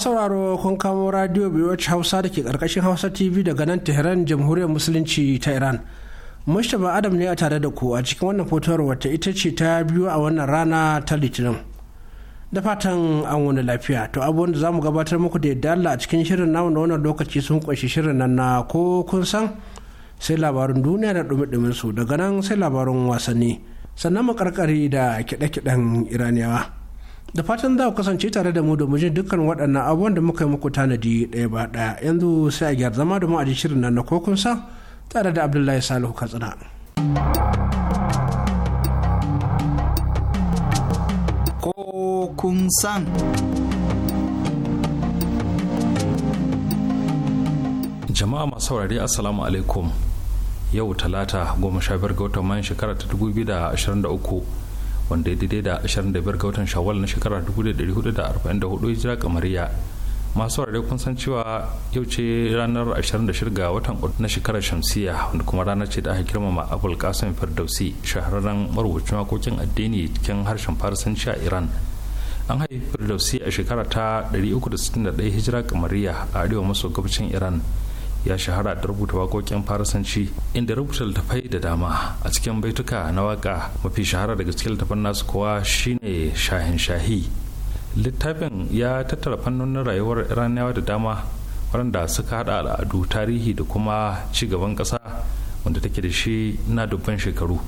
sauraro kun kamo radio BOH Hausa da ke karkashin Hausa TV daga nan Tehran Jamhuriyar Musulunci ta Iran. Mustapha Adam ne a tare da ku a cikin wannan fotowar wata ita ce ta biyu a wannan rana ta Litinin. Da fatan an wani lafiya to abubuwan da mu gabatar muku da yadda a cikin shirin namu na wannan lokaci sun kunshi shirin nan na ko kun san sai labarin duniya da dumi su daga nan sai labarin wasanni sannan mu karkari da kiɗe-kiɗen Iraniyawa. da fatan za ku kasance tare da mu domin jin dukkan waɗannan abubuwan da muka yi muku tanadi ɗaya ba ɗaya yanzu sai a gyar zama domin a ji shirin nan na kokunsa tare da abdullahi salihu katsina kokunsan jama'a masu saurari assalamu alaikum yau talata goma sha biyar ga watan mayan shekara ta 2023 wanda ya daidai da 25 ga watan shawwal na shekarar 1444 hijira kamariya masu warare kun san cewa yau ce ranar 26 ga watan na shekarar shamsiya wanda kuma ranar ce da aka girmama abul kasim firdausi shahararren marubucin makokin addini cikin harshen farisanci a iran an haifi firdausi a shekara ta 361 hijira kamariya a arewa maso gabashin iran ya shahara da rubuta waƙoƙin farasanci inda rubuta littafai da dama a cikin baituka na waƙa mafi shahara daga cikin littafan nasu kowa shine shahin shahi littafin ya tattara fannonin rayuwar iraniyawa da dama waɗanda suka haɗa al'adu tarihi da kuma ci gaban ƙasa wanda take da shi na dubban shekaru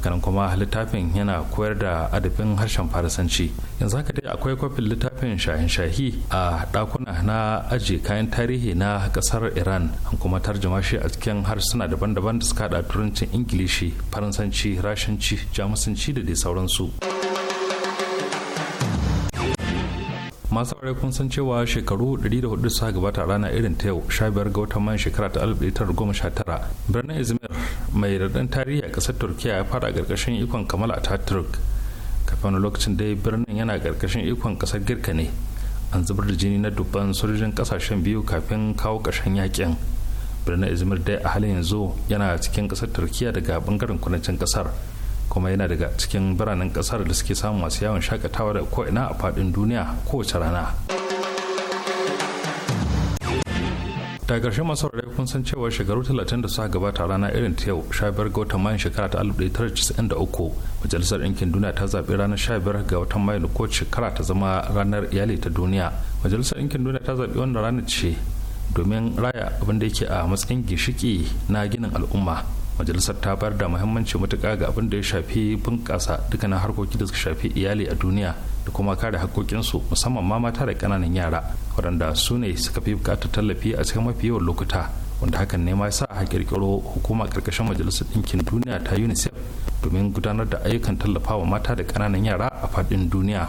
hakan kuma littafin yana koyar da adabin harshen farasanci yanzu haka dai akwai kwafin littafin shahin shahi a dakuna na aji kayan tarihi na kasar iran an kuma shi a cikin harsuna daban-daban da suka haɗa turancin ingilishi faransanci rashinci jamusanci da dai sauransu. masu aure kun san cewa shekaru 104 su gabata rana irin ta yau 15 ga watan man shekara ta 1919 birnin izmir mai daɗin tarihi a ƙasar turkiya ya fara ƙarƙashin ikon kamal ataturk kafin lokacin dai birnin yana ƙarƙashin ikon ƙasar girka ne an zubar da jini na dubban sojojin ƙasashen biyu kafin kawo ƙarshen yakin birnin izmir dai a halin yanzu yana cikin ƙasar turkiya daga bangaren kudancin ƙasar kuma yana daga cikin biranen ƙasar da suke samun masu yawon shakatawa da ko'ina a faɗin duniya kowace rana. da ƙarshe masu rarrai kun san cewa shekaru 30 da suka gabata rana irin ta yau shabiyar ga watan mayun shekara ta 1993 majalisar ɗinkin duniya ta zaɓi ranar 15 ga watan mayun ko shekara ta zama ranar iyali ta duniya majalisar ɗinkin duniya ta zaɓi wannan ranar ce domin raya abin da yake a matsayin gishiki na ginin al'umma majalisar ta bayar da muhimmanci matuka ga abin da ya shafi bunƙasa dukkanin harkoki da suka shafi iyali a duniya da kuma kare haƙoƙinsu musamman ma mata da ƙananan yara waɗanda su ne suka fi buƙatar tallafi a cikin mafi yawan lokuta wanda hakan ne ma ya sa a ƙirƙiro hukuma ƙarƙashin majalisar ɗinkin duniya ta unicef domin gudanar da ayyukan tallafawa mata da ƙananan yara a faɗin duniya.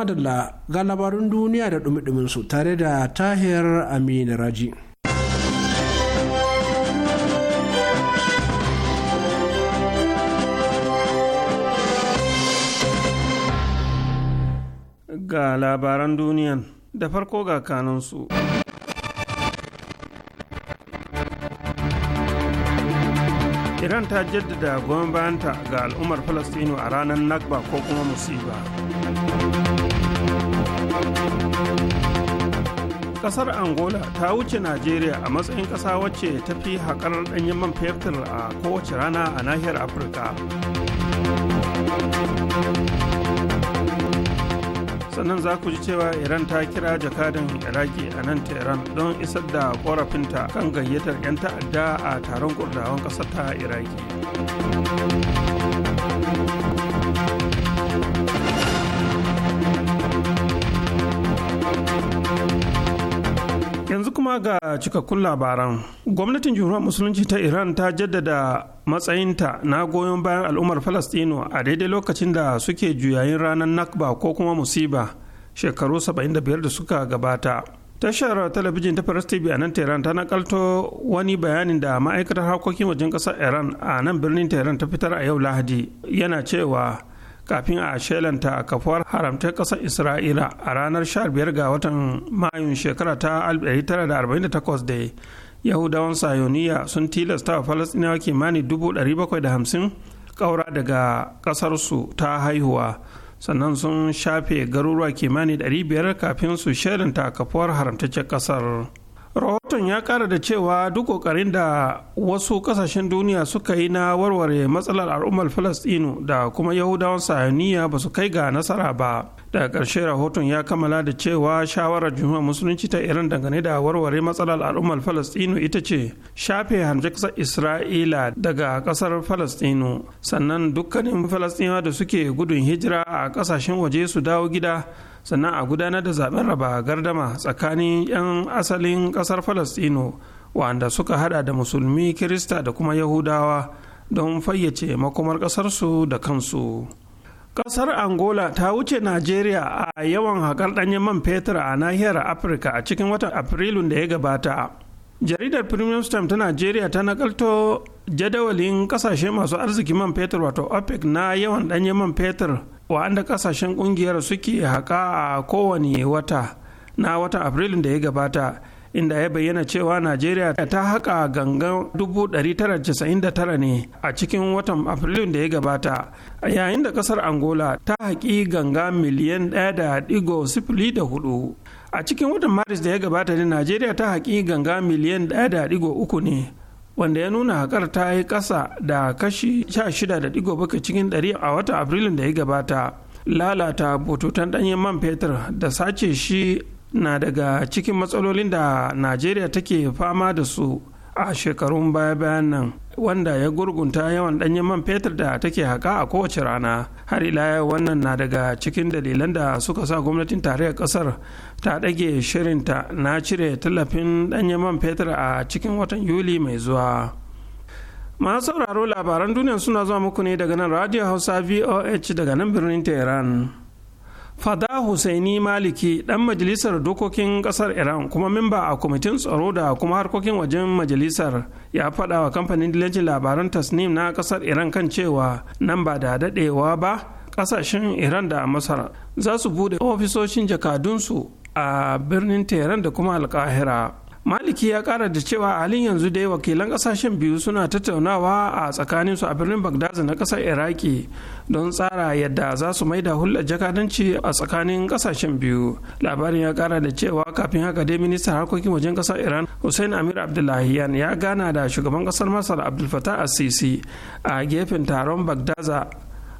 madalla ga labarun duniya da dumi su tare da tahir amin raji ga labaran duniyan da farko ga kanunsu. Iran ta jaddada goyon bayanta ga al'ummar Falastinu a ranar nagba ko kuma musiba. kasar angola ta wuce najeriya a matsayin kasa wacce ta fi haƙar ɗanyen man fetur a kowace rana a nahiyar afirka sannan za ku ji cewa iran ta kira jakadan iraki a nan tehran don isar da ƙorafinta kan gayyatar 'yan ta'adda a taron ƙurdawan ƙasar ta iraki kuma ga cikakkun labaran gwamnatin jihuwar musulunci ta iran ta jaddada matsayinta na goyon bayan al'ummar falastino a daidai lokacin da suke juyayin ranar nakba ko kuma musiba shekaru 75 da suka gabata tashar talabijin ta paris tv a nan tehran ta nakalto wani bayanin da ma'aikatar harkokin wajen kasar iran a nan birnin tehran ta fitar a yau lahadi yana cewa kafin a shelanta kafuwar haramta ƙasar isra'ila a ranar 15 ga watan mayun shekara ta 1948 da yahudawan sayoniya sun tilasta wa falasɗinawa kimanin 750 ƙaura daga ƙasarsu ta haihuwa sannan sun shafe garuruwa kimanin 500 kafin su shelanta kafuwar haramtaccen ƙasar. rahoton ya kara da cewa duk kokarin da wasu kasashen duniya suka yi na warware matsalar al'ummar falastinu da kuma yahudawan sahaniya ba su kai ga nasara ba da ƙarshe rahoton ya kammala da cewa shawarar jumhuriyar musulunci ta iran dangane da warware matsalar al'ummar falastinu ita ce shafe ƙasar isra'ila daga ƙasar falastinu sannan dukkanin falastinawa da suke gudun hijira a ƙasashen waje su dawo gida sannan a gudanar da zaben raba gardama tsakanin 'yan asalin ƙasar falastinu wanda suka hada da musulmi kirista da kuma yahudawa don fayyace makomar ƙasarsu da kansu. Ƙasar Angola ta wuce Najeriya a yawan haƙar ɗanyen man fetur a nahiyar Afirka a cikin watan Afrilun da ya gabata. Jaridar Premium Stamp ta Najeriya ta nakalto jadawalin ƙasashe masu arziki man fetur wato OPEC na yawan ɗanyen man fetur wa'anda ƙasashen ƙungiyar suke haƙa a kowane wata na watan Afrilun da ya gabata. inda ya bayyana cewa najeriya ta haƙa gangan 1999 ne a cikin watan afrilun da ya gabata a yayin da ƙasar angola ta haƙi ganga miliyan 1.4 a cikin watan maris da ya gabata ne najeriya ta haƙi ganga miliyan 1.3 ne wanda ya nuna haƙar ta yi ƙasa da kashi 16.7 cikin 100 a watan afrilun da ya gabata lalata bututun ɗanyen man fetur da sace shi na daga cikin matsalolin da najeriya take fama da su a shekarun baya-bayan nan wanda ya gurgunta yawan ɗanyen man fetur da take haka a kowace rana har ila wannan na daga cikin dalilan da suka sa gwamnatin tarayyar kasar ta ɗage shirinta na cire tallafin ɗanyen man fetur a cikin watan yuli mai zuwa masu sauraro labaran duniya suna zuwa muku ne daga nan radio hausa voh daga nan birnin tehran fada husaini maliki ɗan majalisar dokokin ƙasar iran kuma memba a kwamitin tsaro da kuma harkokin wajen majalisar ya fada wa kamfanin dilancin labaran tasnim na ƙasar iran kan cewa nan ba da dadewa ba ƙasashen iran da masar za su bude ofisoshin jakadunsu a birnin tehran da kuma alkahira maliki ya kara da cewa halin yanzu dai wakilan kasashen biyu suna tattaunawa a tsakaninsu a birnin bagdaza na kasar iraki don tsara yadda za su maida hulɗar jakadanci a tsakanin kasashen biyu labarin ya kara da cewa kafin haka dai ministan harkokin wajen kasar iran hussein amir abdullahiyan ya gana da shugaban kasar masar abdulfatah assisi a a gefen taron bagdaza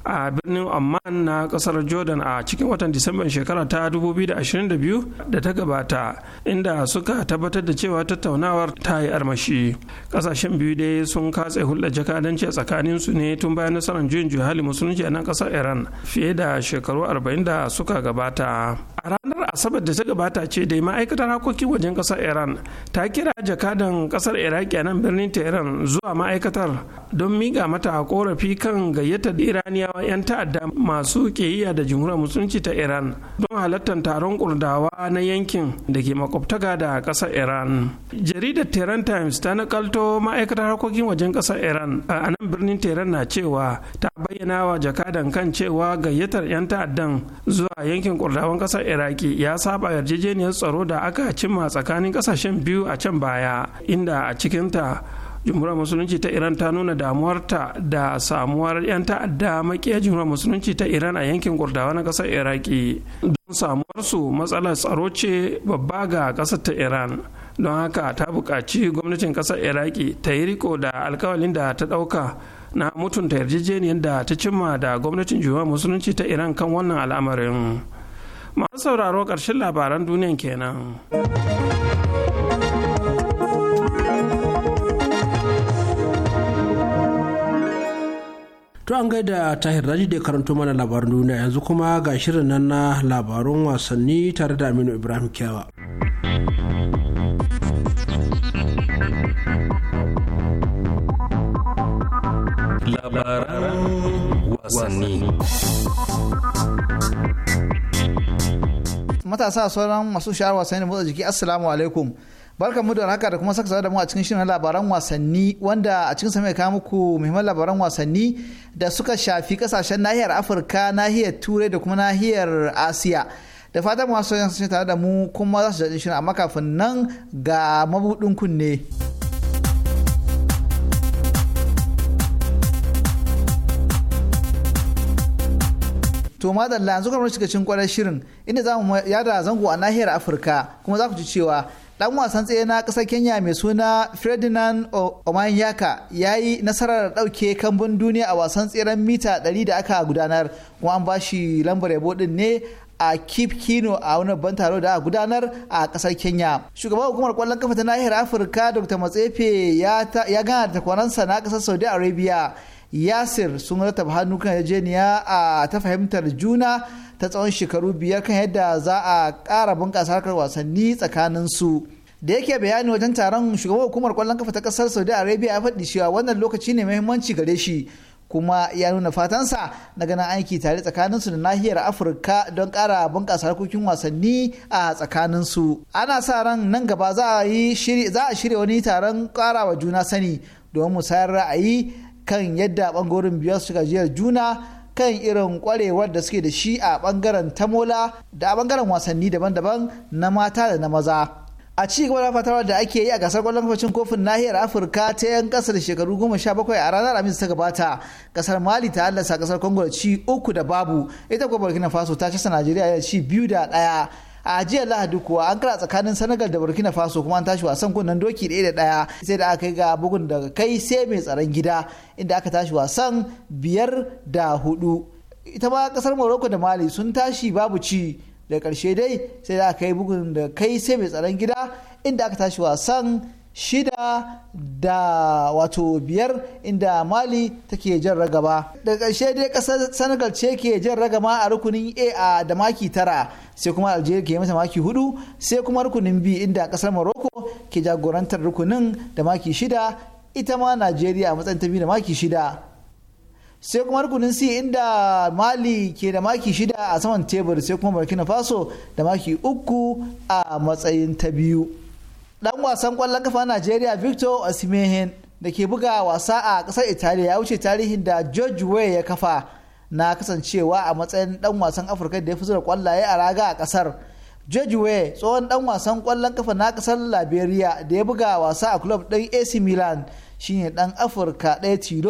a birnin Amman na kasar Jordan a cikin watan Disamban shekara ta 2022 da ta gabata inda suka tabbatar da cewa tattaunawar ta yi armashi. Kasashen biyu dai sun katse hulɗa jakadanci a tsakanin su ne tun bayan nasarar juyin juhali musulunci a nan kasar Iran fiye da shekaru 40 da suka gabata. A ranar Asabar da ta gabata ce dai ma'aikatar harkokin wajen kasar Iran ta kira jakadan kasar Iraki a nan birnin Iran zuwa ma'aikatar don miga mata korafi kan gayyatar Iraniya iraniyawa 'yan ta'adda masu keyiya da jumhuriyar musulunci ta iran don halartar taron kurdawa na yankin da ke makwabtaka da ƙasar iran jaridar tehran times ta nakalto ma'aikatar harkokin wajen ƙasar iran a anan birnin tehran na cewa ta bayyana wa jakadan kan cewa gayyatar 'yan ta'addan zuwa yankin kurdawan ƙasar iraki ya saba yarjejeniyar tsaro da aka cimma tsakanin ƙasashen biyu a can baya inda a cikinta jumhuriyar musulunci ta iran ta nuna damuwarta da samuwar 'yan ta'adda makiya jumhuriyar musulunci ta iran a yankin gurdawa na kasar iraki don samuwarsu matsalar tsaro ce babba ga kasar ta iran don haka ta buƙaci gwamnatin kasar iraki ta yi riko da alkawalin da ta ɗauka na mutunta yarjejeniyar da ta cimma da gwamnatin jumhuriyar musulunci ta iran kan wannan al'amarin masu sauraro ƙarshen labaran duniyan kenan. To an gaida Tahir Raji da karanto mana labarin duniya yanzu kuma ga shirin nan na labarun wasanni tare da Aminu Ibrahim Kyawa. Labaran wasanni. Matasa sauran masu sha'ar wasanni motsa jiki Assalamu alaikum. barka mu da haka da kuma saka da mu a cikin shirin labaran wasanni wanda a cikin samai kawo muku muhimman labaran wasanni da suka shafi kasashen nahiyar afirka nahiyar turai da kuma nahiyar asiya da fatan mu yin sun tare da mu kuma za su daɗin shirin amma kafin nan ga mabuɗin kunne. to madalla yanzu kamar shiga cikin kwarar shirin inda za mu yada zango a nahiyar afirka kuma za ku ci cewa dan wasan tsaye na ƙasar kenya mai suna ferdinand omanyaka ya yi nasarar ɗauke kambun duniya a wasan tseren mita 100 da aka gudanar kuma an ba shi lambar yabo din ne a kip kino a wani babban taro da aka gudanar a ƙasar kenya shugaban hukumar kwallon kafa ta nahiyar afirka dr matsefe ya gana da takwaransa na kasar saudi arabia yasir sun rataba hannu kan yarjejeniya a ta fahimtar juna ta tsawon shekaru biyar kan yadda za a ƙara bunƙasa harkar wasanni tsakanin su da yake bayani wajen taron shugaban hukumar kwallon kafa ta ƙasar saudi arabia ya faɗi cewa wannan lokaci ne muhimmanci gare shi kuma ya nuna fatansa na ganin aiki tare tsakanin su da nahiyar afirka don kara bunƙasa harkokin wasanni a tsakanin su. ana sa ran nan gaba za a yi za a shirya wani taron ƙara wa juna sani domin musayar ra'ayi kan yadda ɓangarorin biyar su gajiyar juna kan irin kwarewar da suke da shi a bangaren tamola da a bangaren wasanni daban-daban na mata da na maza a ci gaba da fatawar da ake yi a gasar kwallon kafacin kofin nahiyar afirka ta yan kasar shekaru goma sha bakwai a ranar amis ta gabata kasar mali ta hallasa kasar congo da ci uku da babu ita kuma burkina faso ta ci najeriya ya ci biyu da ɗaya a jiya lahadi kuwa an kira tsakanin senegal da burkina faso kuma an tashi wasan kunnen doki ɗaya da ɗaya sai da aka kai ga bugun daga kai sai mai tsaron gida inda aka tashi wasan biyar da hudu ita ma kasar morocco da mali sun tashi babu ci da ƙarshe dai sai da aka kai bugun da kai sai mai tsaron gida inda aka tashi wasan shida da wato biyar inda mali take jan ragaba daga ƙarshe dai ƙasar senegal ce ke jan ragama a rukunin a a da maki tara sai kuma algeria ke mata maki hudu sai kuma rukunin b inda ƙasar morocco ke jagorantar rukunin da maki shida ita ma nigeria a matsayin ta biyu da maki shida sai kuma rukunin c inda mali ke da maki shida a saman tebur sai kuma burkina faso da maki uku a matsayin ta biyu dan wasan kwallon kafa Najeriya Victor Osimhen da ke buga wasa a ƙasar Italiya ya wuce tarihin da George Weah ya kafa na kasancewa a matsayin dan wasan Afirka da ya fi zura kwallaye a raga a ƙasar. George Weah tsohon dan wasan kwallon kafa na kasar Liberia da ya buga wasa a club ɗin AC Milan shine dan Afirka ɗaya tilo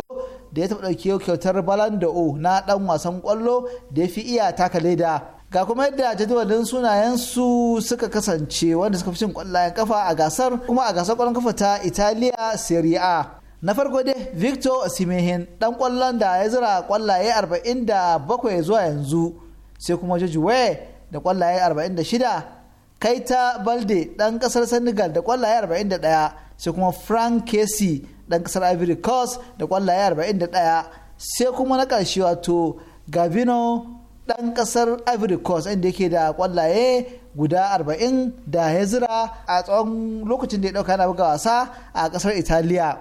da ya taɓa ɗauke kyautar Ballon d'Or na dan wasan kwallo da ya fi iya taka leda. ga kuma yadda jadawalin sunayen su suka kasance wanda suka fi cin kwallayen kafa a gasar kuma a gasar kwallon kafa ta Italiya Serie A na farko dai Victor Osimhen dan kwallon da ya zira kwallaye 47 zuwa yanzu sai kuma Jujuwe da kwallaye 46 Kaita Balde dan kasar Senegal da kwallaye 41 sai kuma Frank Casey dan kasar Ivory Coast da kwallaye 41 sai kuma na ƙarshe wato gavino. ɗan ƙasar ivory coast inda yake da kwallaye guda 40 da hezira a tsawon lokacin da ya dauka na buga wasa a ƙasar italiya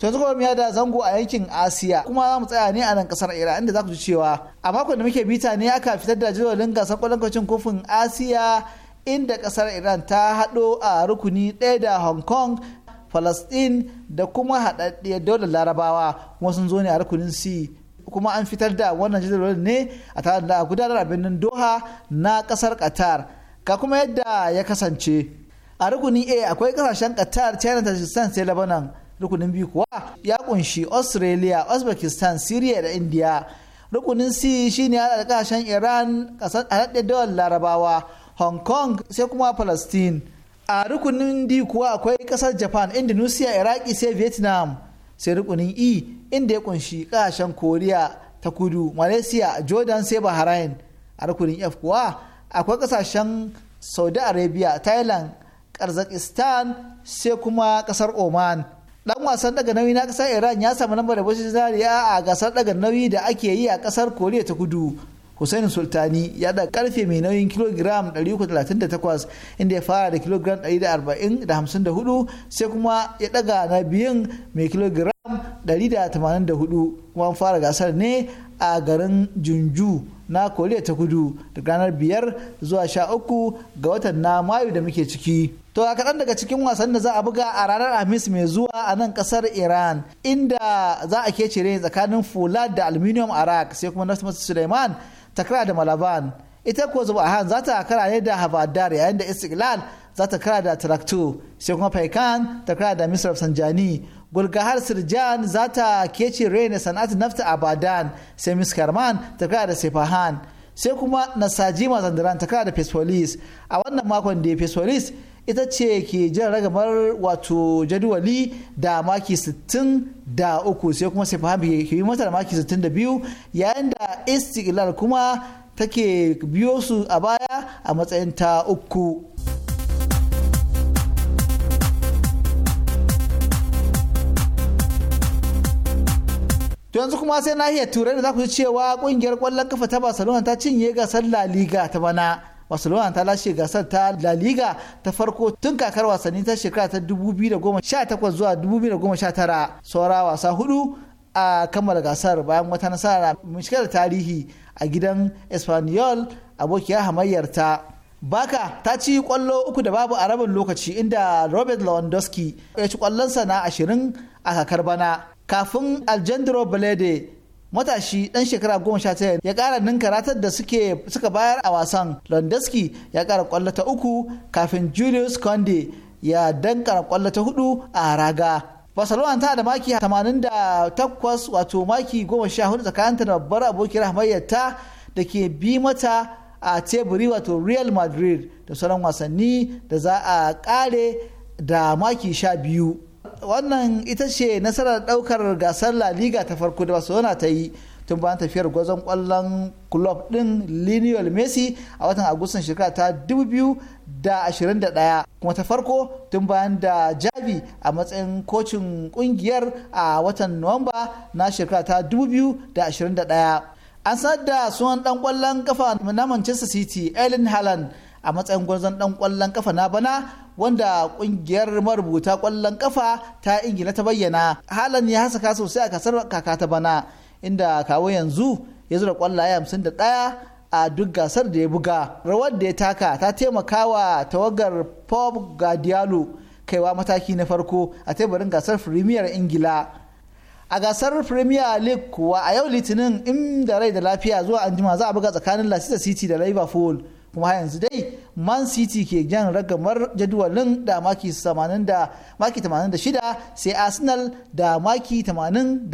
Tun zuwa ya da zango a yankin asiya kuma za mu tsaya ne a nan kasar iran inda za ku ji cewa a makon da muke bita ne aka fitar da jadawalin gasar kwalankwacin kofin asiya inda kasar iran ta haɗo a rukuni ɗaya da hong kong falastin da kuma haɗaɗɗe daular larabawa kuma sun zo ne a rukunin c kuma an fitar da wannan jadawalin ne a tare da gudanar a birnin doha na ƙasar qatar ga kuma yadda ya kasance a rukunin a akwai kasashen qatar china tajikistan sai lebanon rukunin biyu kuwa ya kunshi australia uzbekistan syria da india rukunin c shine haɗa da ƙasashen iran ƙasar haɗaɗɗe daular larabawa hong kong sai kuma palestine a rukunin d kuwa akwai kasar japan indonesia iraki sai vietnam sai rukunin e inda ya kunshi kasashen koriya ta kudu malaysia jordan sai bahrain a rukunin f kuwa akwai kasashen saudi arabia thailand karzakistan sai kuma kasar oman dan wasan daga nauyi na kasar iran ya samu lambar da bashi zariya a gasar daga nauyi da ake yi a kasar koriya ta kudu hussein sultani ya da karfe mai nauyin kilogiram 338 inda ya fara da kilogiram 140 sai kuma ya daga na biyun mai kilogiram 184 kuma fara gasar ne a garin junju na koriya ta kudu da ranar biyar zuwa sha uku ga watan na mayu da muke ciki to a kaɗan daga cikin wasan da za a buga a ranar Amis mai zuwa a nan ƙasar iran inda za a kecere tsakanin fulad da aluminium arak sai kuma nasu suleiman ta kara da malaban ita kuwa a za ta kara ne da habadar yayin da istiklal za ta kara da taraktu sai kuma faikan ta kara da misraf sanjani gulgahar sirjan za ta kece raina sana'at nafta abadan sai miskarman ta kara da sefahan sai kuma nasajima zandaran ta kara da fesfolis a wannan makon da fesfolis ita ce ke jan ragamar wato jadawali da maki 63 sai kuma sai fahimta ke yi mata da maki 62 yayin da istiklal kuma take biyo su a baya a matsayin ta uku. To yanzu kuma sai nahiyar turai da za ku ji cewa kungiyar kwallon kafa ta Barcelona ta cinye gasar La Liga ta bana barcelona ta lashe gasar ta la liga ta farko tun kakar wasanni ta shekara ta 2018 zuwa 2019 saura wasa hudu a kammala gasar bayan wata nasara da tarihi a gidan espanyol abokiya hamayyar ta baka ta ci kwallo uku da babu a rabin lokaci inda robert lewandowski ya ci kwallonsa na ashirin a kakar bana kafin aljandro belede matashi dan shekara goma sha tara ya kara nin karatar da suke suka bayar a wasan londeski ya kara kwallo ta uku kafin julius conde ya dankara kwallo ta hudu a raga barcelona ta da maki 88 wato maki goma sha hudu tsakaninta da babbar abokin hamayyar ta da ke bi mata a teburi wato real madrid da sauran wasanni da za a kare da maki sha biyu wannan ita ce nasarar daukar gasar la liga ta farko da barcelona ta yi tun bayan tafiyar gwazon kwallon club din lionel messi a watan agustan shekara ta 2021 kuma ta farko tun bayan da jabi a matsayin kocin kungiyar a watan nuwamba na shekara ta 2021 an sanar da sunan dan kwallon kafa na manchester city ellen haaland a matsayin gwarzon dan kwallon kafa na bana wanda kungiyar marubuta kwallon kafa ta ingila ta bayyana halan ya hasaka sosai a kasar kaka ta bana inda kawo yanzu ya zura kwallaye hamsin da daya a duk gasar da ya buga rawar da ya taka ta taimaka wa tawagar pop guardiola kaiwa mataki na farko a teburin gasar firimiyar ingila a gasar premier league kuwa a yau litinin inda rai da lafiya zuwa anjima za a buga tsakanin leicester city da liverpool kuma yanzu dai man city ke jan ragamar jadawalin da maki 86 sai arsenal da maki 81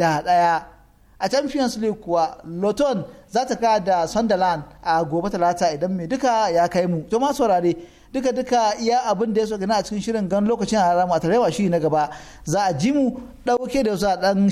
a champions league kuwa loton za ta da sunderland a gobe talata idan mai duka ya kai mu to ma saurare duka duka iya abin da ya sauka gani a cikin shirin gan lokacin rama a shi na gaba za a ji mu dauke da wasu dan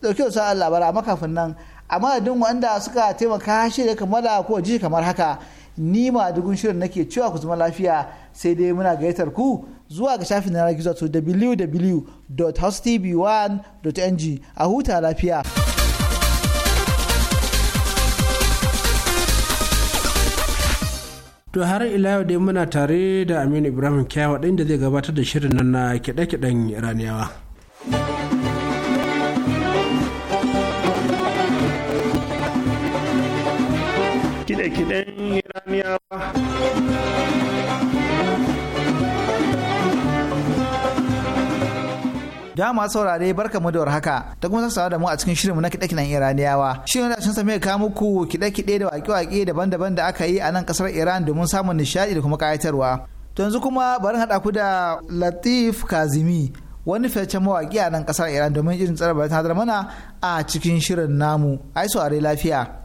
dauke da wasu labara makafin nan amma madadin wanda suka taimaka shi da kamala ko ji kamar haka ni ma dugun shirin nake cewa ku zama lafiya sai dai muna gayyatar ku zuwa ga shafin yanar gizo to www.hostv1.ng a huta lafiya. To har ila yau dai muna tare da Aminu Ibrahim Kyawa ɗin da zai gabatar da shirin nan na kiɗe-kiɗen Iraniyawa. Ɗan iraniyawa da saurare barka mu da haka. Takuma kuma sassawa da mu a cikin shirinmu na kiɗe-kiɗen iraniyawa shirin da sun same ka muku kiɗe-kiɗe da waƙe-waƙe daban-daban da aka yi a nan ƙasar iran domin samun nishaɗi da kuma ƙayatarwa to yanzu kuma bari haɗa ku da latif kazimi wani fitaccen mawaƙi a nan ƙasar iran domin irin ta bayan mana a cikin shirin namu ai saurare lafiya.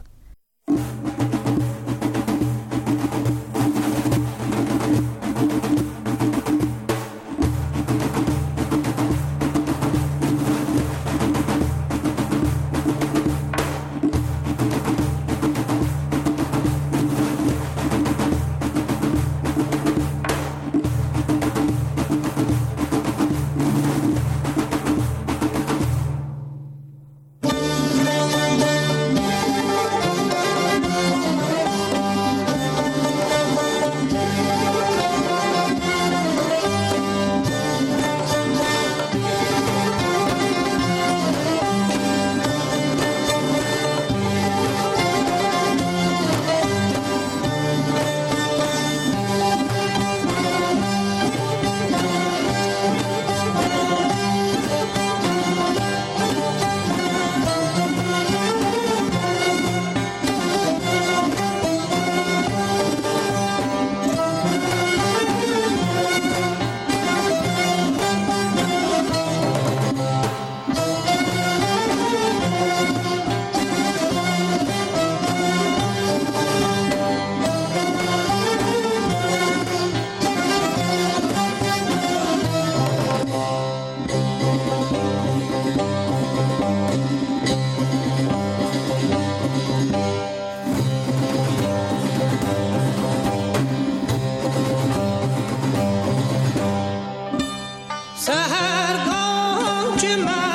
军马。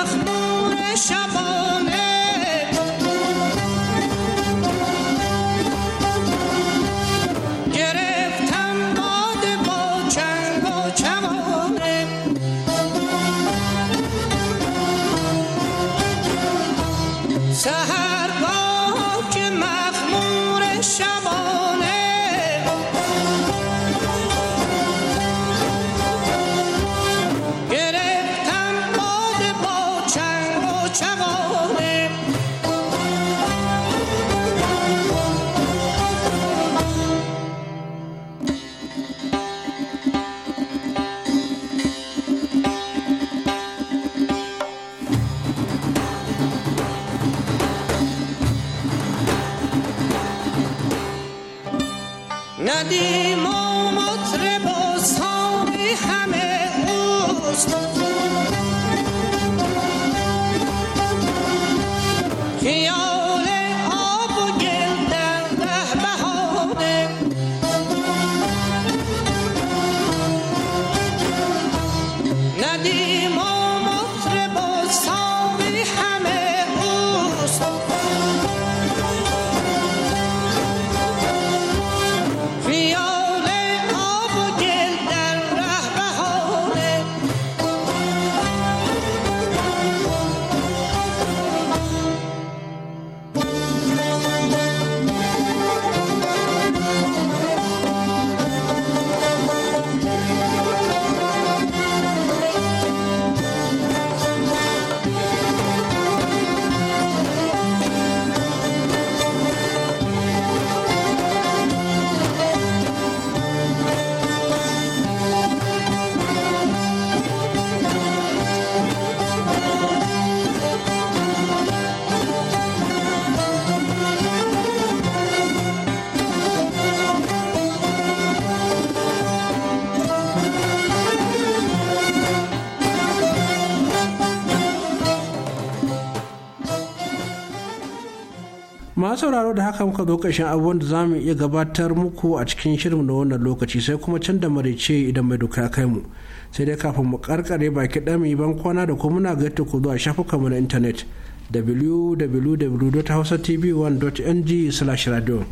sauraro da haka muka zo ƙarshen abubuwan da za iya gabatar muku a cikin shirin na wannan lokaci sai kuma can da marice idan mai doka kai mu sai dai kafin mu karkare baki ɗan mu ban kwana da kuma muna gaita ku zuwa mu na intanet www.hausatv1.ng/radio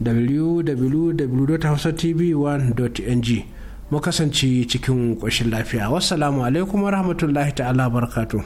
www.hausatv1.ng mu kasance cikin ƙoshin lafiya wassalamu alaikum warahmatullahi ta'ala barkatu.